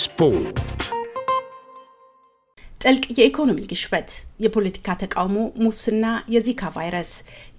ስፖርት። ጥልቅ የኢኮኖሚ ግሽበት፣ የፖለቲካ ተቃውሞ፣ ሙስና፣ የዚካ ቫይረስ፣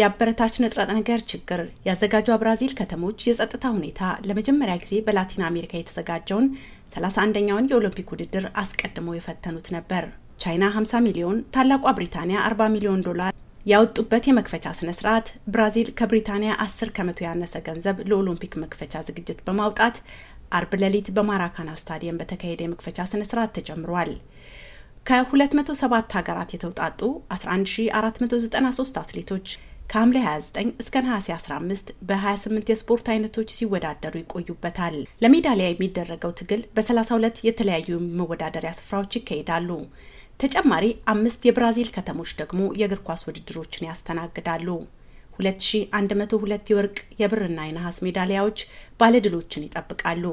የአበረታች ንጥረ ነገር ችግር ያዘጋጇ ብራዚል ከተሞች የጸጥታ ሁኔታ ለመጀመሪያ ጊዜ በላቲን አሜሪካ የተዘጋጀውን 31ኛውን የኦሎምፒክ ውድድር አስቀድሞ የፈተኑት ነበር። ቻይና 50 ሚሊዮን፣ ታላቋ ብሪታንያ 40 ሚሊዮን ዶላር ያወጡበት የመክፈቻ ስነ ስርዓት ብራዚል ከብሪታንያ 10 ከመቶ ያነሰ ገንዘብ ለኦሎምፒክ መክፈቻ ዝግጅት በማውጣት አርብ ሌሊት በማራካና ስታዲየም በተካሄደ የመክፈቻ ስነስርዓት ተጀምሯል። ከ207 ሀገራት የተውጣጡ 11493 አትሌቶች ከሐምሌ 29 እስከ ነሐሴ 15 በ28 የስፖርት አይነቶች ሲወዳደሩ ይቆዩበታል። ለሜዳሊያ የሚደረገው ትግል በ32 የተለያዩ መወዳደሪያ ስፍራዎች ይካሄዳሉ። ተጨማሪ አምስት የብራዚል ከተሞች ደግሞ የእግር ኳስ ውድድሮችን ያስተናግዳሉ። 2102 የወርቅ የብርና የነሐስ ሜዳሊያዎች ባለድሎችን ይጠብቃሉ።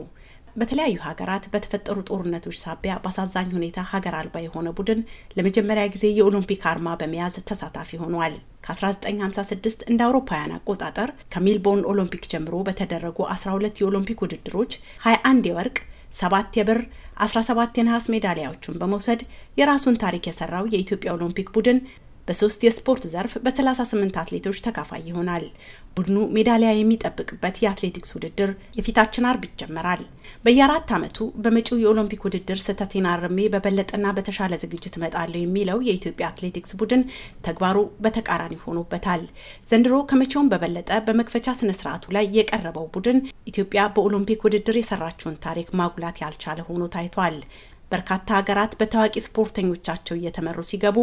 በተለያዩ ሀገራት በተፈጠሩ ጦርነቶች ሳቢያ በአሳዛኝ ሁኔታ ሀገር አልባ የሆነ ቡድን ለመጀመሪያ ጊዜ የኦሎምፒክ አርማ በመያዝ ተሳታፊ ሆኗል። ከ1956 እንደ አውሮፓውያን አቆጣጠር ከሜልቦርን ኦሎምፒክ ጀምሮ በተደረጉ 12 የኦሎምፒክ ውድድሮች 21 የወርቅ፣ 7 የብር፣ 17 የነሐስ ሜዳሊያዎችን በመውሰድ የራሱን ታሪክ የሰራው የኢትዮጵያ ኦሎምፒክ ቡድን በሶስት የስፖርት ዘርፍ በ38 አትሌቶች ተካፋይ ይሆናል። ቡድኑ ሜዳሊያ የሚጠብቅበት የአትሌቲክስ ውድድር የፊታችን አርብ ይጀመራል። በየአራት ዓመቱ በመጪው የኦሎምፒክ ውድድር ስህተቴን አርሜ በበለጠና በተሻለ ዝግጅት እመጣለሁ የሚለው የኢትዮጵያ አትሌቲክስ ቡድን ተግባሩ በተቃራኒ ሆኖበታል። ዘንድሮ ከመቼውም በበለጠ በመክፈቻ ስነስርዓቱ ላይ የቀረበው ቡድን ኢትዮጵያ በኦሎምፒክ ውድድር የሰራችውን ታሪክ ማጉላት ያልቻለ ሆኖ ታይቷል። በርካታ ሀገራት በታዋቂ ስፖርተኞቻቸው እየተመሩ ሲገቡ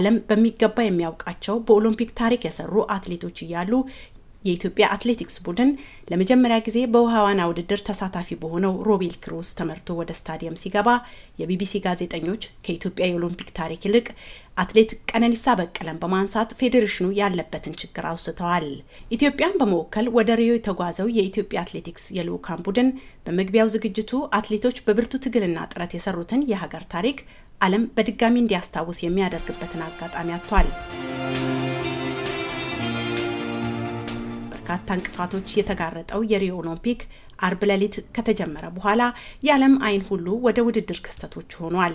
ዓለም በሚገባ የሚያውቃቸው በኦሎምፒክ ታሪክ የሰሩ አትሌቶች እያሉ የኢትዮጵያ አትሌቲክስ ቡድን ለመጀመሪያ ጊዜ በውሃ ዋና ውድድር ተሳታፊ በሆነው ሮቤል ክሩስ ተመርቶ ወደ ስታዲየም ሲገባ የቢቢሲ ጋዜጠኞች ከኢትዮጵያ የኦሎምፒክ ታሪክ ይልቅ አትሌት ቀነኒሳ በቀለን በማንሳት ፌዴሬሽኑ ያለበትን ችግር አውስተዋል። ኢትዮጵያን በመወከል ወደ ሪዮ የተጓዘው የኢትዮጵያ አትሌቲክስ የልዑካን ቡድን በመግቢያው ዝግጅቱ አትሌቶች በብርቱ ትግልና ጥረት የሰሩትን የሀገር ታሪክ ዓለም በድጋሚ እንዲያስታውስ የሚያደርግበትን አጋጣሚ አጥቷል። በርካታ እንቅፋቶች የተጋረጠው የሪዮ ኦሎምፒክ አርብ ሌሊት ከተጀመረ በኋላ የዓለም አይን ሁሉ ወደ ውድድር ክስተቶች ሆኗል።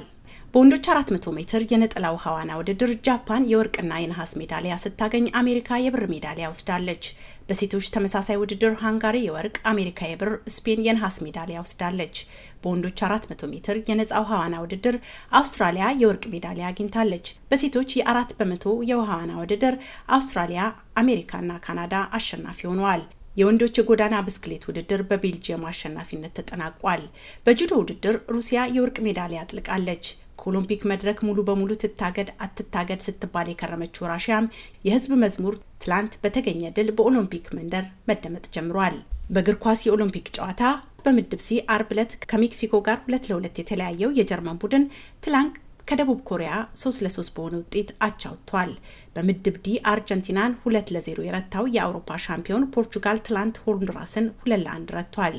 በወንዶች 400 ሜትር የነጠላ ውሃ ዋና ውድድር ጃፓን የወርቅና የነሐስ ሜዳሊያ ስታገኝ አሜሪካ የብር ሜዳሊያ ወስዳለች። በሴቶች ተመሳሳይ ውድድር ሃንጋሪ የወርቅ፣ አሜሪካ የብር፣ ስፔን የነሐስ ሜዳሊያ ወስዳለች። በወንዶች 400 ሜትር የነፃ ውሃ ዋና ውድድር አውስትራሊያ የወርቅ ሜዳሊያ አግኝታለች። በሴቶች የአራት በመቶ የውሃ ዋና ውድድር አውስትራሊያ፣ አሜሪካና ካናዳ አሸናፊ ሆነዋል። የወንዶች የጎዳና ብስክሌት ውድድር በቤልጅየም አሸናፊነት ተጠናቋል። በጁዶ ውድድር ሩሲያ የወርቅ ሜዳሊያ አጥልቃለች። ከኦሎምፒክ መድረክ ሙሉ በሙሉ ትታገድ አትታገድ ስትባል የከረመችው ራሽያም የህዝብ መዝሙር ትላንት በተገኘ ድል በኦሎምፒክ መንደር መደመጥ ጀምሯል። በእግር ኳስ የኦሎምፒክ ጨዋታ በምድብ ሲ አርብ ዕለት ከሜክሲኮ ጋር ሁለት ለሁለት የተለያየው የጀርመን ቡድን ትላንክ ከደቡብ ኮሪያ 3 ለ3 በሆነ ውጤት አቻውቷል። በምድብ ዲ አርጀንቲናን ለ ለዜሮ የረታው የአውሮፓ ሻምፒዮን ፖርቹጋል ትላንት ሆንዱራስን ለ1 ረቷል።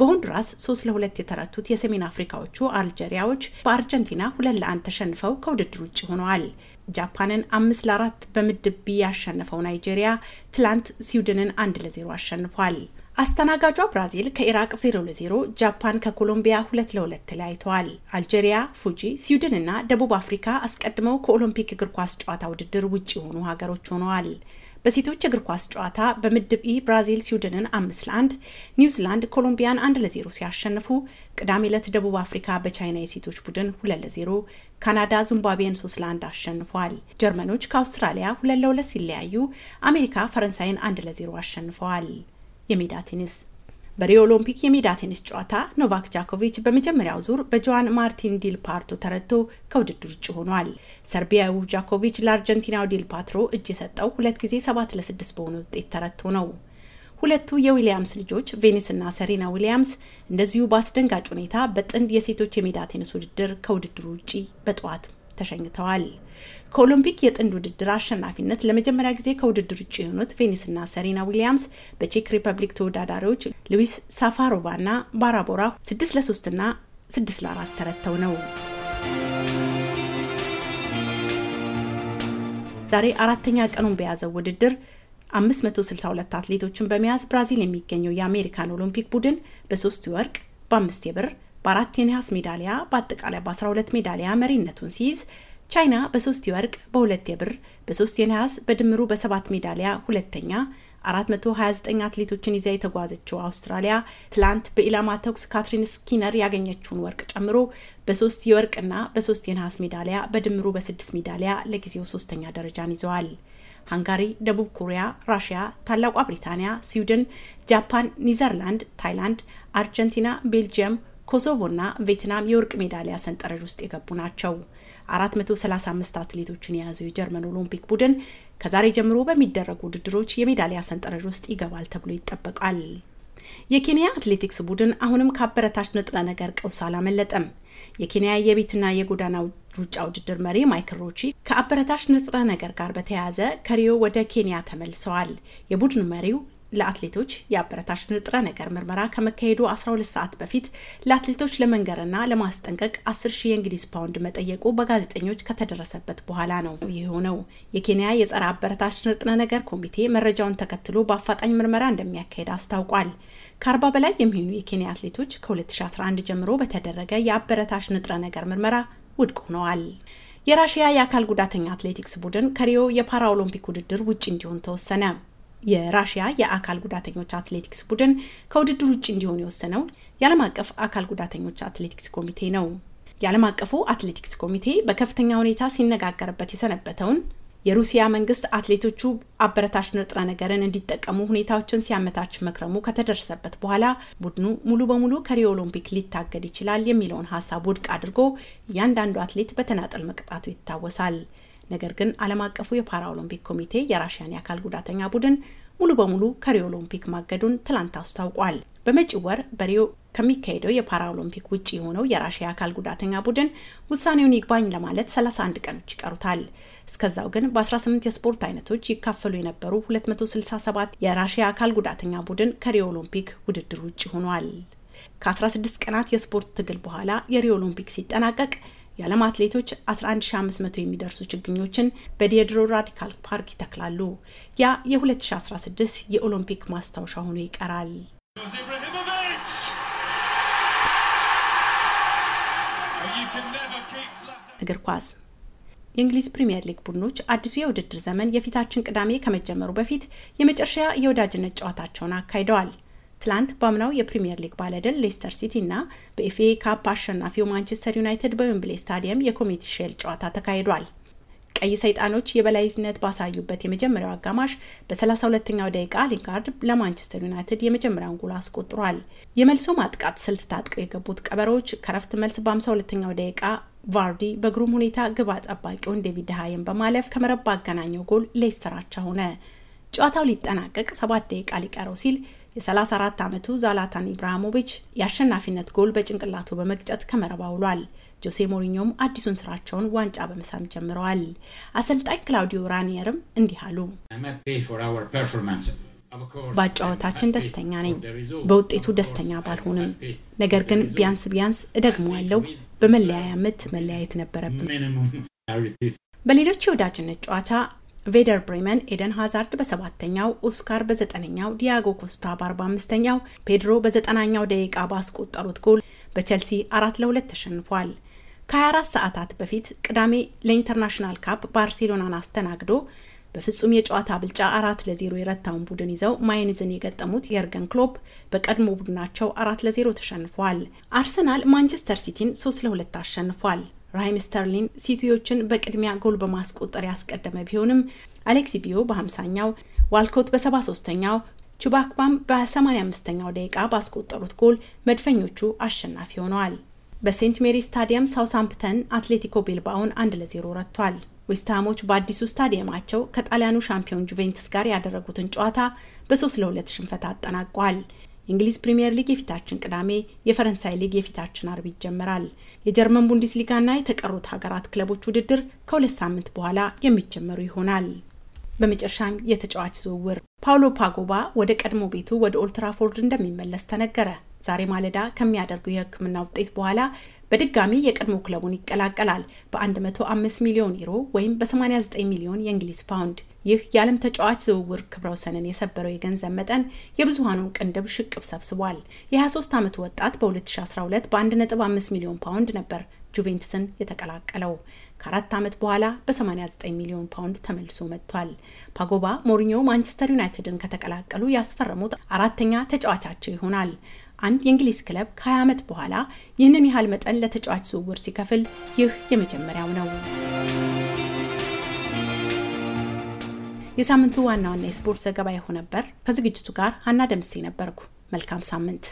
በሆንዱራስ 3 ለ2 የተረቱት የሰሜን አፍሪካዎቹ አልጀሪያዎች በአርጀንቲና ሁለት ለአንድ ተሸንፈው ከውድድር ውጭ ሆነዋል። ጃፓንን አምስት ለአራት በምድብ ቢ ያሸነፈው ናይጄሪያ ትላንት ስዊድንን አንድ ለዜሮ አሸንፏል። አስተናጋጇ ብራዚል ከኢራቅ 0 ለ0፣ ጃፓን ከኮሎምቢያ 2 ለ2 ተለያይተዋል። አልጄሪያ፣ ፉጂ፣ ስዊድን እና ደቡብ አፍሪካ አስቀድመው ከኦሎምፒክ እግር ኳስ ጨዋታ ውድድር ውጭ የሆኑ ሀገሮች ሆነዋል። በሴቶች እግር ኳስ ጨዋታ በምድብ ኢ ብራዚል ስዊድንን አምስት ለአንድ ኒውዚላንድ ኮሎምቢያን አንድ ለዜሮ ሲያሸንፉ ቅዳሜ ዕለት ደቡብ አፍሪካ በቻይና የሴቶች ቡድን ሁለት ለዜሮ ካናዳ ዚምባብዌን ሶስት ለአንድ አሸንፏል። ጀርመኖች ከአውስትራሊያ ሁለት ለሁለት ሲለያዩ አሜሪካ ፈረንሳይን አንድ ለዜሮ አሸንፈዋል። የሜዳ ቴኒስ በሪዮ ኦሎምፒክ የሜዳ ቴኒስ ጨዋታ ኖቫክ ጃኮቪች በመጀመሪያው ዙር በጆዋን ማርቲን ዲል ፓርቶ ተረድቶ ከውድድር ውጭ ሆኗል። ሰርቢያዊ ጃኮቪች ለአርጀንቲናው ዲል ፓትሮ እጅ የሰጠው ሁለት ጊዜ ሰባት ለስድስት በሆነ ውጤት ተረድቶ ነው። ሁለቱ የዊሊያምስ ልጆች ቬኒስና ሰሪና ዊሊያምስ እንደዚሁ በአስደንጋጭ ሁኔታ በጥንድ የሴቶች የሜዳ ቴኒስ ውድድር ከውድድሩ ውጪ በጠዋት ተሸኝተዋል። ከኦሎምፒክ የጥንድ ውድድር አሸናፊነት ለመጀመሪያ ጊዜ ከውድድር ውጭ የሆኑት ቬኒስና ሰሪና ዊሊያምስ በቼክ ሪፐብሊክ ተወዳዳሪዎች ሉዊስ ሳፋሮቫና ባራቦራ 6 ለ3 ና 6 ለ4 ተረተው ነው። ዛሬ አራተኛ ቀኑን በያዘው ውድድር 562 አትሌቶችን በመያዝ ብራዚል የሚገኘው የአሜሪካን ኦሎምፒክ ቡድን በሶስት የወርቅ በአምስት የብር በአራት የነሐስ ሜዳሊያ በአጠቃላይ በ12 ሜዳሊያ መሪነቱን ሲይዝ ቻይና በሶስት የወርቅ በሁለት የብር በሶስት የነሐስ በድምሩ በሰባት ሜዳሊያ ሁለተኛ 429 አትሌቶችን ይዛ የተጓዘችው አውስትራሊያ ትላንት በኢላማ ተኩስ ካትሪን ስኪነር ያገኘችውን ወርቅ ጨምሮ በሶስት የወርቅና በሶስት የነሐስ ሜዳሊያ በድምሩ በስድስት ሜዳሊያ ለጊዜው ሶስተኛ ደረጃን ይዘዋል። ሃንጋሪ፣ ደቡብ ኮሪያ፣ ራሽያ፣ ታላቋ ብሪታንያ፣ ስዊድን፣ ጃፓን፣ ኒዘርላንድ፣ ታይላንድ፣ አርጀንቲና፣ ቤልጅየም ኮሶቮና ቬትናም የወርቅ ሜዳሊያ ሰንጠረዥ ውስጥ የገቡ ናቸው። 435 አትሌቶችን የያዘው የጀርመን ኦሎምፒክ ቡድን ከዛሬ ጀምሮ በሚደረጉ ውድድሮች የሜዳሊያ ሰንጠረዥ ውስጥ ይገባል ተብሎ ይጠበቃል። የኬንያ አትሌቲክስ ቡድን አሁንም ከአበረታች ንጥረ ነገር ቀውስ አላመለጠም። የኬንያ የቤትና የጎዳና ሩጫ ውድድር መሪ ማይክል ሮቺ ከአበረታች ንጥረ ነገር ጋር በተያያዘ ከሪዮ ወደ ኬንያ ተመልሰዋል። የቡድን መሪው ለአትሌቶች የአበረታሽ ንጥረ ነገር ምርመራ ከመካሄዱ 12 ሰዓት በፊት ለአትሌቶች ለመንገርና ለማስጠንቀቅ 10 ሺህ የእንግሊዝ ፓውንድ መጠየቁ በጋዜጠኞች ከተደረሰበት በኋላ ነው ይህ ነው። የኬንያ የጸረ አበረታሽ ንጥረ ነገር ኮሚቴ መረጃውን ተከትሎ በአፋጣኝ ምርመራ እንደሚያካሄድ አስታውቋል። ከአርባ በላይ የሚሆኑ የኬንያ አትሌቶች ከ2011 ጀምሮ በተደረገ የአበረታሽ ንጥረ ነገር ምርመራ ውድቅ ሆነዋል። የራሽያ የአካል ጉዳተኛ አትሌቲክስ ቡድን ከሪዮ የፓራ ኦሎምፒክ ውድድር ውጭ እንዲሆን ተወሰነ። የራሽያ የአካል ጉዳተኞች አትሌቲክስ ቡድን ከውድድር ውጭ እንዲሆን የወሰነው የዓለም አቀፍ አካል ጉዳተኞች አትሌቲክስ ኮሚቴ ነው። የዓለም አቀፉ አትሌቲክስ ኮሚቴ በከፍተኛ ሁኔታ ሲነጋገርበት የሰነበተውን የሩሲያ መንግስት አትሌቶቹ አበረታች ንጥረ ነገርን እንዲጠቀሙ ሁኔታዎችን ሲያመታች መክረሙ ከተደረሰበት በኋላ ቡድኑ ሙሉ በሙሉ ከሪዮ ኦሎምፒክ ሊታገድ ይችላል የሚለውን ሀሳብ ውድቅ አድርጎ እያንዳንዱ አትሌት በተናጠል መቅጣቱ ይታወሳል። ነገር ግን ዓለም አቀፉ የፓራ ኦሎምፒክ ኮሚቴ የራሽያን የአካል ጉዳተኛ ቡድን ሙሉ በሙሉ ከሪዮ ኦሎምፒክ ማገዱን ትላንት አስታውቋል። በመጪው ወር በሪዮ ከሚካሄደው የፓራ ኦሎምፒክ ውጭ የሆነው የራሽያ የአካል ጉዳተኛ ቡድን ውሳኔውን ይግባኝ ለማለት 31 ቀኖች ይቀሩታል። እስከዛው ግን በ18 የስፖርት አይነቶች ይካፈሉ የነበሩ 267 የራሽያ አካል ጉዳተኛ ቡድን ከሪዮ ኦሎምፒክ ውድድር ውጭ ሆኗል። ከ16 ቀናት የስፖርት ትግል በኋላ የሪዮ ኦሎምፒክ ሲጠናቀቅ የዓለም አትሌቶች 11500 የሚደርሱ ችግኞችን በዲድሮ ራዲካል ፓርክ ይተክላሉ። ያ የ2016 የኦሎምፒክ ማስታወሻ ሆኖ ይቀራል። እግር ኳስ የእንግሊዝ ፕሪምየር ሊግ ቡድኖች አዲሱ የውድድር ዘመን የፊታችን ቅዳሜ ከመጀመሩ በፊት የመጨረሻ የወዳጅነት ጨዋታቸውን አካሂደዋል። ትላንት ባምናው የፕሪምየር ሊግ ባለድል ሌስተር ሲቲ እና በኤፍኤ ካፕ አሸናፊው ማንቸስተር ዩናይትድ በዌምብሌ ስታዲየም የኮሚቴ ሼል ጨዋታ ተካሂዷል። ቀይ ሰይጣኖች የበላይነት ባሳዩበት የመጀመሪያው አጋማሽ በ32ኛው ደቂቃ ሊንጋርድ ለማንቸስተር ዩናይትድ የመጀመሪያውን ጎል አስቆጥሯል። የመልሶ ማጥቃት ስልት ታጥቀው የገቡት ቀበሮች ከረፍት መልስ በ52ኛው ደቂቃ ቫርዲ በግሩም ሁኔታ ግብ ጠባቂውን ዴቪድ ሃየን በማለፍ ከመረብ አገናኘው ጎል ሌስተር አቻ ሆነ። ጨዋታው ሊጠናቀቅ ሰባት ደቂቃ ሊቀረው ሲል የ34 ዓመቱ ዛላታን ኢብራሃሞቪች የአሸናፊነት ጎል በጭንቅላቱ በመግጨት ከመረባ ውሏል። ጆሴ ሞሪኞም አዲሱን ስራቸውን ዋንጫ በመሳም ጀምረዋል። አሰልጣኝ ክላውዲዮ ራኒየርም እንዲህ አሉ። በጨዋታችን ደስተኛ ነኝ። በውጤቱ ደስተኛ ባልሆንም፣ ነገር ግን ቢያንስ ቢያንስ እደግመዋለሁ። በመለያያ ምት መለያየት ነበረብን። በሌሎች የወዳጅነት ጨዋታ ቬደር ብሬመን፣ ኤደን ሃዛርድ በሰባተኛው፣ ኦስካር በዘጠነኛው፣ ዲያጎ ኮስታ በአርባ አምስተኛው፣ ፔድሮ በዘጠናኛው ደቂቃ ባስቆጠሩት ጎል በቸልሲ አራት ለሁለት ተሸንፏል። ከ24 ሰዓታት በፊት ቅዳሜ ለኢንተርናሽናል ካፕ ባርሴሎናን አስተናግዶ በፍጹም የጨዋታ ብልጫ አራት ለዜሮ የረታውን ቡድን ይዘው ማይንዝን የገጠሙት የርገን ክሎፕ በቀድሞ ቡድናቸው አራት ለዜሮ ተሸንፏል። አርሰናል ማንቸስተር ሲቲን ሶስት ለሁለት አሸንፏል። ራሂም ስተርሊን ሲቲዎችን በቅድሚያ ጎል በማስቆጠር ያስቀደመ ቢሆንም አሌክሲ ቢዮ በ50ኛው፣ ዋልኮት በ73ኛው፣ ቹባክባም በ85ኛው ደቂቃ ባስቆጠሩት ጎል መድፈኞቹ አሸናፊ ሆነዋል። በሴንት ሜሪ ስታዲየም ሳውሳምፕተን አትሌቲኮ ቤልባውን አንድ ለዜሮ ረቷል። ዌስትሃሞች በአዲሱ ስታዲየማቸው ከጣሊያኑ ሻምፒዮን ጁቬንትስ ጋር ያደረጉትን ጨዋታ በሶስት ለሁለት ሽንፈት አጠናቋል። የእንግሊዝ ፕሪምየር ሊግ የፊታችን ቅዳሜ፣ የፈረንሳይ ሊግ የፊታችን አርብ ይጀመራል። የጀርመን ቡንደስሊጋና የተቀሩት ሀገራት ክለቦች ውድድር ከሁለት ሳምንት በኋላ የሚጀመሩ ይሆናል። በመጨረሻም የተጫዋች ዝውውር ፓውሎ ፓጎባ ወደ ቀድሞ ቤቱ ወደ ኦልትራፎርድ እንደሚመለስ ተነገረ። ዛሬ ማለዳ ከሚያደርገው የሕክምና ውጤት በኋላ በድጋሚ የቀድሞ ክለቡን ይቀላቀላል በ105 ሚሊዮን ዩሮ ወይም በ89 ሚሊዮን የእንግሊዝ ፓውንድ ይህ የዓለም ተጫዋች ዝውውር ክብረ ወሰንን የሰበረው የገንዘብ መጠን የብዙሀኑን ቅንድብ ሽቅብ ሰብስቧል። የ23 ዓመቱ ወጣት በ2012 በ1.5 ሚሊዮን ፓውንድ ነበር ጁቬንትስን የተቀላቀለው ከአራት ዓመት በኋላ በ89 ሚሊዮን ፓውንድ ተመልሶ መጥቷል። ፓጎባ ሞሪኞ ማንቸስተር ዩናይትድን ከተቀላቀሉ ያስፈረሙት አራተኛ ተጫዋቻቸው ይሆናል። አንድ የእንግሊዝ ክለብ ከ20 ዓመት በኋላ ይህንን ያህል መጠን ለተጫዋች ዝውውር ሲከፍል ይህ የመጀመሪያው ነው። የሳምንቱ ዋና ዋና የስፖርት ዘገባ የሆነበር ከዝግጅቱ ጋር አና ደምሴ ነበርኩ። መልካም ሳምንት።